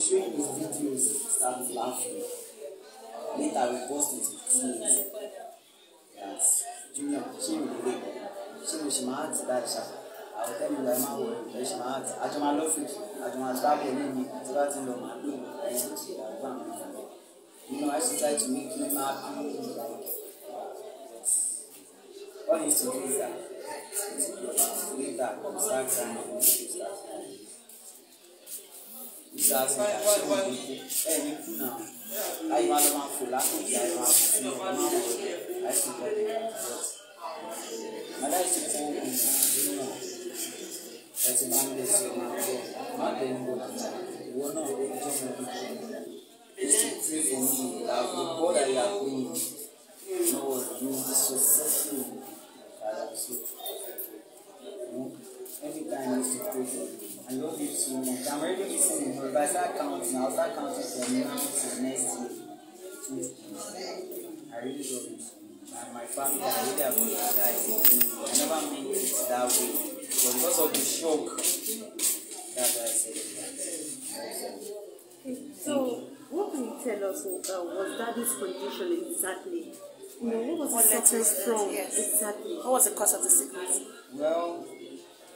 Showing his videos started laughing. Later we burst into tears. that Junior, ṣé mi lè ṣé mo ṣe máa ti dáì ṣá? Àwọn tẹ́lẹ̀ ìgbà máa wọ̀ ẹ̀ ṣe máa ti. Àjọ máa lọ́fíìkì, àjọ máa travel ní mi, àti bá ti lọ máa lò ẹ̀yìn tó ṣe àgbà mi mi. You know, I should try to make him happy like what his to do is that. Later, we start crying and we start crying ìsàsì ìsàsì ìdíkù ẹni kú náà láyé wà ló máa fò látòkè àyè máa fò sí ọmọ àwọn àìsàn ìgbàlódé aláìsàn fún oògùn ìdílé náà ẹtì máa ń lè sí ọmọ àgbọ máa bẹ ní gbòòdì ìwọ náà ó jẹ ọmọ tuntun èsì pray for me that the God I am praying Lord you be successful and I'm so. Every time I used to pray I love you so much. I'm already listening, but if I start counting, I'll start counting from now to next year. I really love you so much. And my family, I really that I never meant it that way. But because of the shock, that's why I said it. So, what can you tell us? Uh, was daddy's condition exactly? You know, what was the suffering from? Yes. Exactly. What was the cause of the sickness? Well,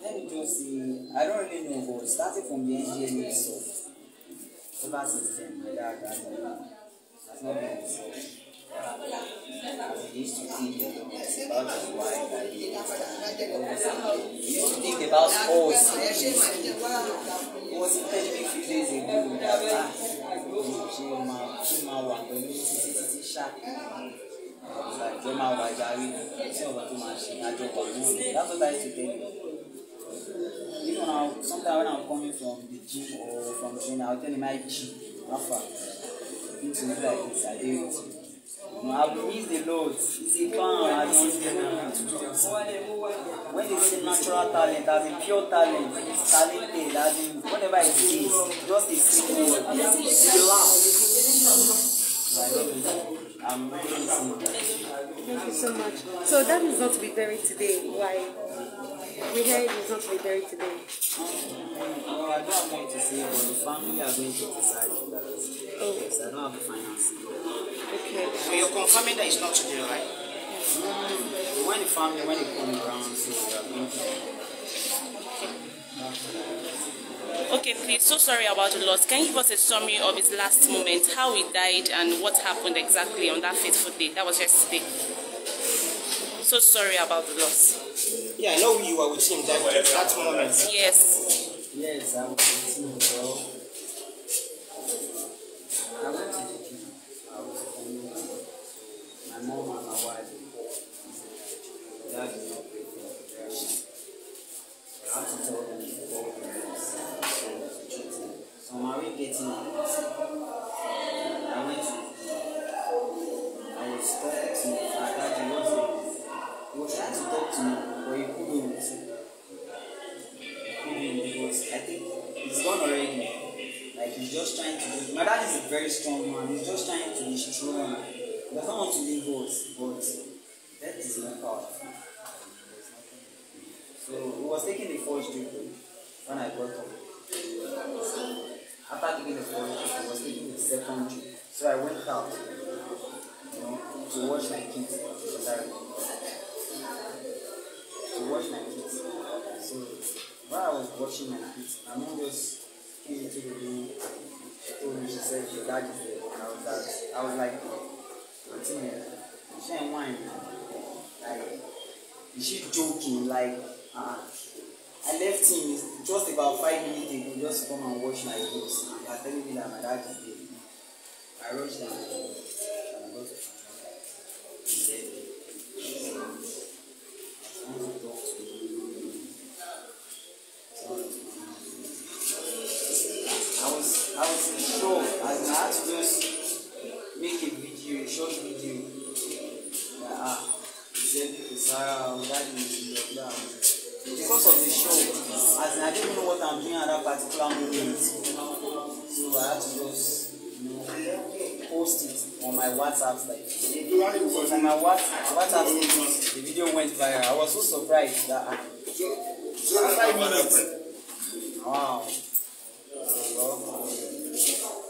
let me just see. I don't really know but starting from the engineering itself solar system whether that's that's not the my result I used to think a lot about the wife I used to think about us it was a few days ago that ṣe máa ṣe máa wà pẹ̀lú títí títí ṣáà ìjọ máa wà jàre tí ọba tó máa ṣe àjọpọ̀ lóore látọ̀tà ètò tẹ́lẹ̀ when I sometimes when I'm coming from the gym or from training, I'll tell him I gym. Alpha. It's like this, I do it. I've missed a lot. It's a clown. I don't When they say natural talent, as in pure talent, it's talented, as in whatever it is, just a sickness. You laugh. I'm Thank you so much. So that is not to be buried today. Why? We heard he's not to be today. Well, I do i want to see but the family are going to decide on that. Oh. Yes, I don't have the finance. Okay. So you're confirming that it's not today, right? Yes. Mm. When the family, when they come around, so we are going to... Okay, please, so sorry about the loss. Can you give us a summary of his last moment, how he died and what happened exactly on that fateful day? That was yesterday. So sorry about the loss. Yeah, I know you are. with him that, that moment. Yes. Yes, I was with him, bro. I went to the gym. I was coming. My mom and my wife. Dad did I had to tell them before So, so my way getting I went to I was talking to my dad. He was trying to talk to me. very strong man. He's just trying to be strong. He doesn't want to be us, but that is not part. So he was taking the first dribble when I got up. So, after taking the first dribble, he was taking the second dribble. So I went out you know, to watch my kids. Sorry. To watch my kids. So while I was watching my kids, my mom just came into the room told me, she said, your dad is there. I was like, I was like, continue." she ain't whining. Like, is she joking? Like, uh, I left him just about five minutes ago just to come and wash my clothes. They are telling me that my dad is there. I rushed down. Um, that is yeah. because of the show as I didn't know what I'm doing at that particular moment so I had to just you know post it on my WhatsApp like on my WhatsApp WhatsApp the video went viral I was so surprised that I, ah, after minutes wow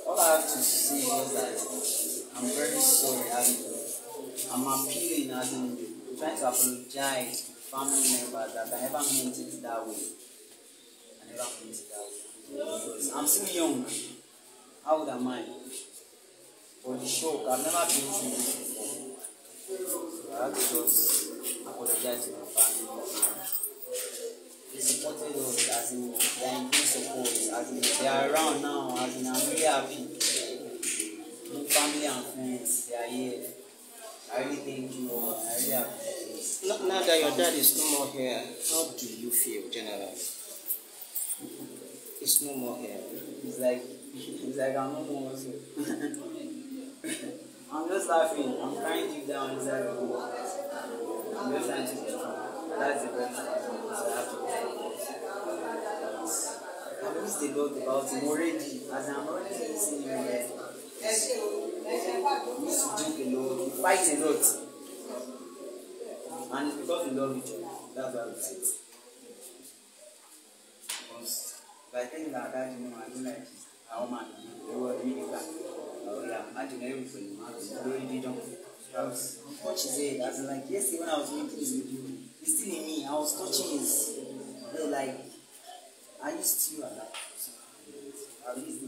all I have to say is that I'm very sorry as I'm appealing as in trying to apologize to family members that I never meant it that way. I never meant it that way. Because I'm still young. How would I mind? For the shock, I've never been through this before. So I have to just apologize to my family. They supported us as in they are in good support, as in they are around now, as in I'm really happy. My family and friends, they are here. I you know, I really appreciate now, that your dad is no more here, how do you feel General? It's no more here. It's like, it's like I'm no more also. I'm just laughing. I'm crying you down inside the pool. I'm just trying to get strong. That's the best thing. So I have to get strong. I miss the God about him already. As I'm already seeing him already. Fight a lot. And it's because you love each other. That's why we fight. Because I think that dad, you know, I do like this. Our man, they were really bad. Oh yeah, imagine everything. Glory be done. What she said, I was like, yesterday when I was making this with you, it's still in me. I was touching his. they like, are you still alive? At least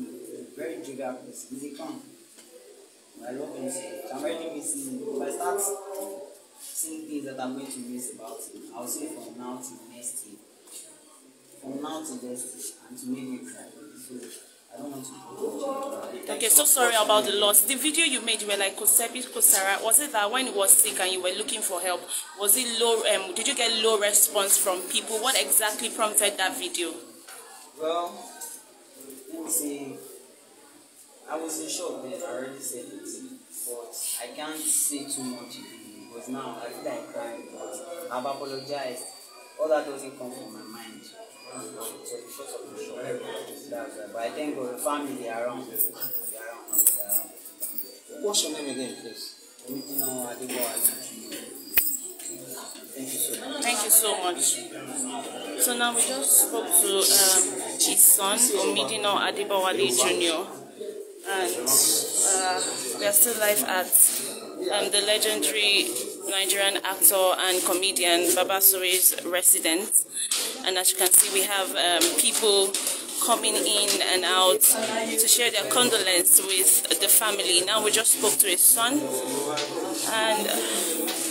very jigger, he's a clown my login is if I start seeing things that I'm going to miss about it, I'll say from now to next year. From now to next year and to make me cry. So Okay, so sorry about the loss. The video you made, you were like Kosebi Kosara. Was it that when you was sick and you were looking for help, was it low? Um, did you get low response from people? What exactly prompted that video? Well, let me see. I was in shock then, I already said it. But I can't say too much because now I feel like crying. But I've apologized. All that doesn't come from my mind. So short of the shock, But I thank God, the family, around. What's your name again, please? Thank you, so much. Thank you so much. So now we just spoke to um, his son, Omidino Adibawale Jr and uh, we are still live at um, the legendary Nigerian actor and comedian Babasuri's residence. And as you can see, we have um, people coming in and out to share their condolence with the family. Now we just spoke to his son and. Uh,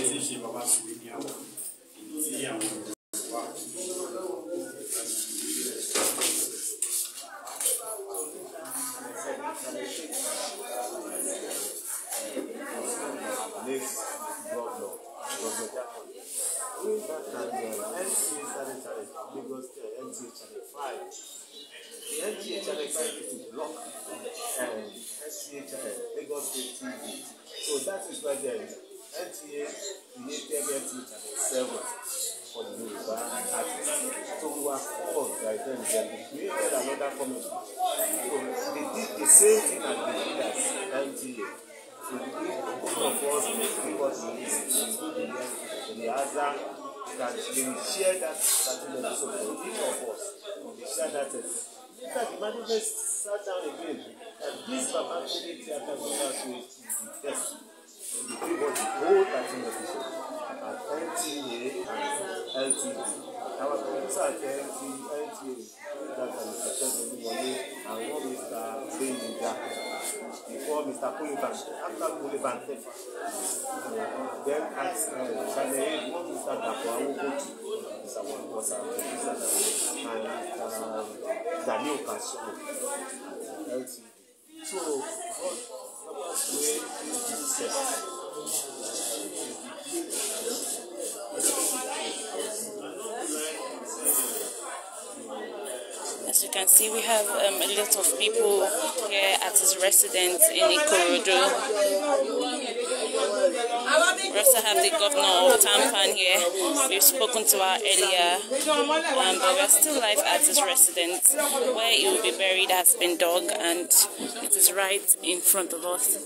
twenty for the Yoruba artist. So we were called by them, then we created another committee. So they did the same thing as they did at MTA. So we did of us made record release the Eliaza that they will share that certain episode for each of us. We share that episode. Later the management sat down again and this Babakele theatre got out to the test. And they gave us the whole thirteen episode. NTA LTD àwọn pẹ̀lẹ́sà jẹ́ ti NTA dàgbà ìṣẹ̀ṣẹ̀ olúwọlé àwọn Mr. Gbẹ̀yìnga before Mr. Kuliban after Kuliban then at Channel eight one Mr. Dapo Awogoji Mr. Wankosa Mr. Dapo and Mr. Daniel Kasimo LTD so God help us wey we dey set. can see, we have um, a lot of people here at his residence in Ikorodu. We also have the governor of Tampan here. We've spoken to her earlier, um, but we're still live at his residence, where he will be buried has been dug, and it is right in front of us.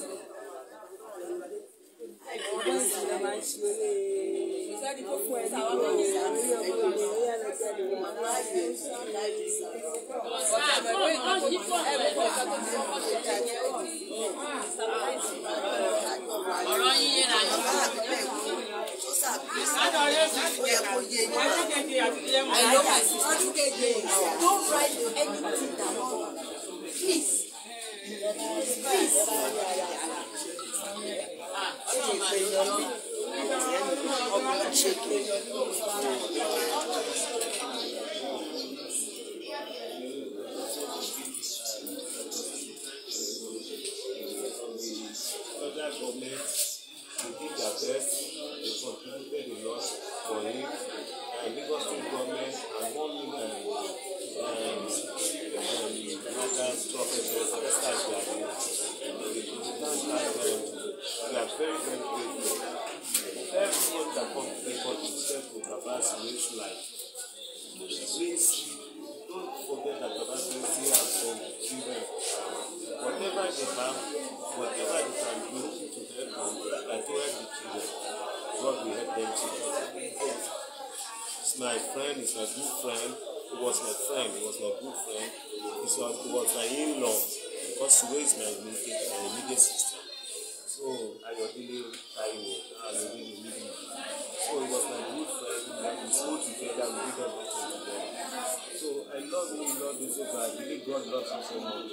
my friend, he's my good friend, he was my friend, he was my good friend, he was, he was my in-law, because he raised my immediate, my immediate sister. So I I Taiwo, Ayodele Mimi. So he was my good friend, like we school together, we did everything together. So I love him, love him so much, I believe God loves him so much.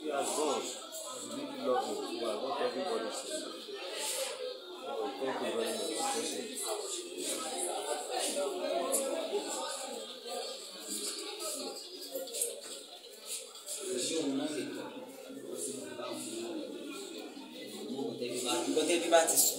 He has God, I really love him, I want everybody to know. Thank you very much. Thank you. Nǹkan tẹ́bí bá ti sùn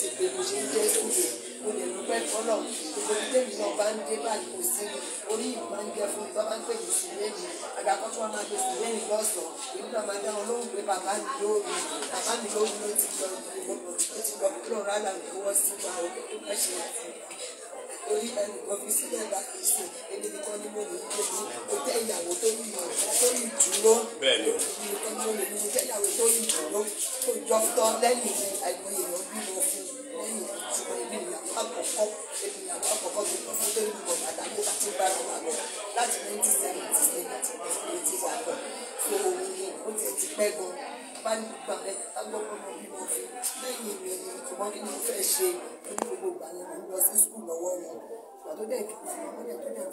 ti pè mí ṣe ń dé síbi mo lè dúpẹ́ fọlọ́ gbogbo ìdẹ́mi náà bá ń dé báyìí kò sí orí ìmọ̀ ń jẹ fún bá máa ń pè mí sí lẹ́yìn àgbàkọ́ tí wọ́n máa gbé sí lẹ́yìn lọ́sàn-án èmi náà máa dá wọn lóhùn pé bàbá mi lóòrùn bàbá mi lóòrùn ló ti lọ ló ti lọ kúrò rálà lọ́wọ́ sí wa ó ẹ ṣe orí ẹnu kan fi sílẹ̀ bá fi sùn èmi nìkan ni mo lè ní pé mi mo jẹ́ ìyàwó tó ní ìmọ̀ tó ní ìdúró èmi ni mo lè ìyàwó tó ní ìdúró tó jọ tán lẹ́yìn mi fẹ́ ṣe ní gbogbo ìgbà ni mo ń lọ sí skul lọ́wọ́ yẹn ìgbà tó dẹ̀ kìí ṣe ìgbà tó dẹ̀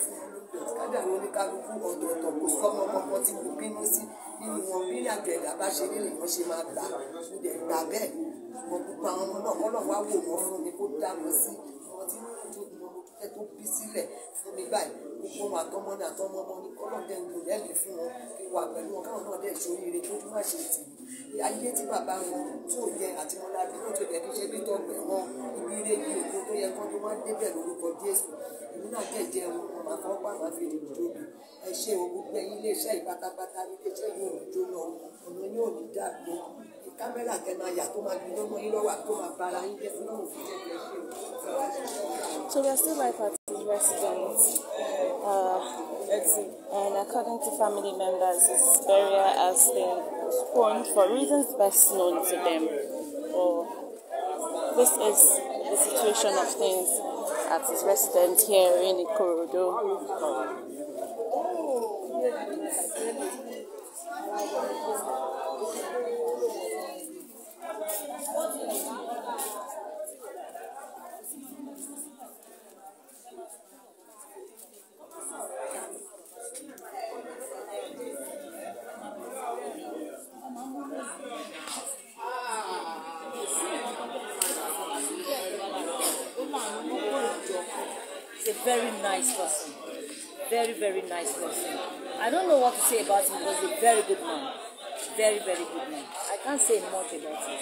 ti kádà ní oníkálukú ọ̀tọ̀ọ̀tọ̀ kò sọ́mọ kankan tí mo bínú sí nínú wọn bí ìrìnàjò ẹ̀dá bá ṣe nílé wọn ṣe máa gbà mo dẹ̀ gbà bẹ́ẹ̀ mo gbogbo àwọn ọmọ náà kọ́ lọ́wọ́ á wò wọ́n fún mi kó dá sí wọn ẹ tó bí sílẹ̀ fún mi báyìí gbogbo wọn àtọmọ ní àtọmọ ọmọ ní kọ́lọ́ dẹ́ ń lò lẹ́mìí fún wọn kí wà pẹ̀lú wọn káwọn náà dẹ̀ ṣoríire tó tún má ṣe tì í ayé tí bàbá wọn tó yẹ àti wọn lábí wọn tó yẹ kí ṣe bí tọgbẹ wọn ibi ilé yìí èkó tó yẹ kó tó má débẹ̀ lórúkọ Jésù èmi náà dẹ̀ jẹ́ wọn wọn máa fọwọ́ pàmò àfi èrè lóbi ẹ ṣe òògùn gbẹ̀yìn iléeṣẹ́ ìpátápátá iléeṣẹ́ yóò jóná ọ̀nà yóò ní dàgbò So we are still like at his residence uh, and according to family members, his burial has been postponed for reasons best known to them. Oh, this is the situation of things at his residence here in Ikorodo. nice person. Very, very nice person. I don't know what to say about him, but he's a very good man. Very, very good man. I can't say much about him.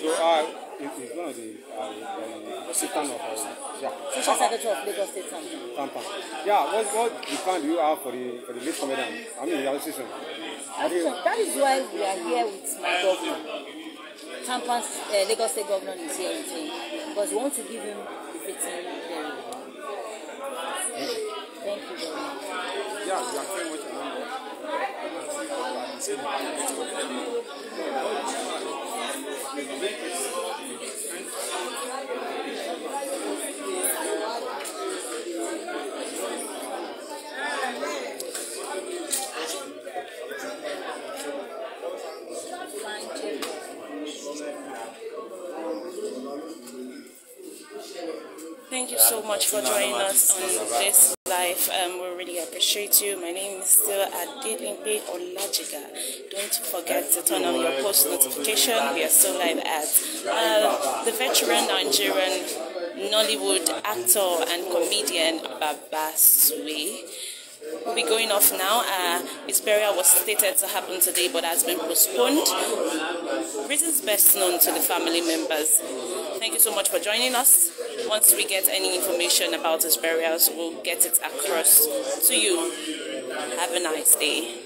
So, uh, he's one of the uh, the uh, sultan of uh, yeah. Social secretary of Lagos State Tampa. Tampa. Yeah, what, what the plan do you have for the, for the late comedian? I mean, the association. Association. That is why we are here with my governor. Tampa's uh, Lagos State governor is here with him because we want to give him the fitting Thank you so much for joining us on this live. Um, really appreciate you. My name is still Adilimpe Olajiga. Don't forget to turn on your post notification. We are still live at uh, the veteran Nigerian Nollywood actor and comedian Baba we will be going off now. Uh, his burial was stated to happen today but has been postponed. Reasons best known to the family members. Thank you so much for joining us. Once we get any information about his burials, we'll get it across to you. Have a nice day.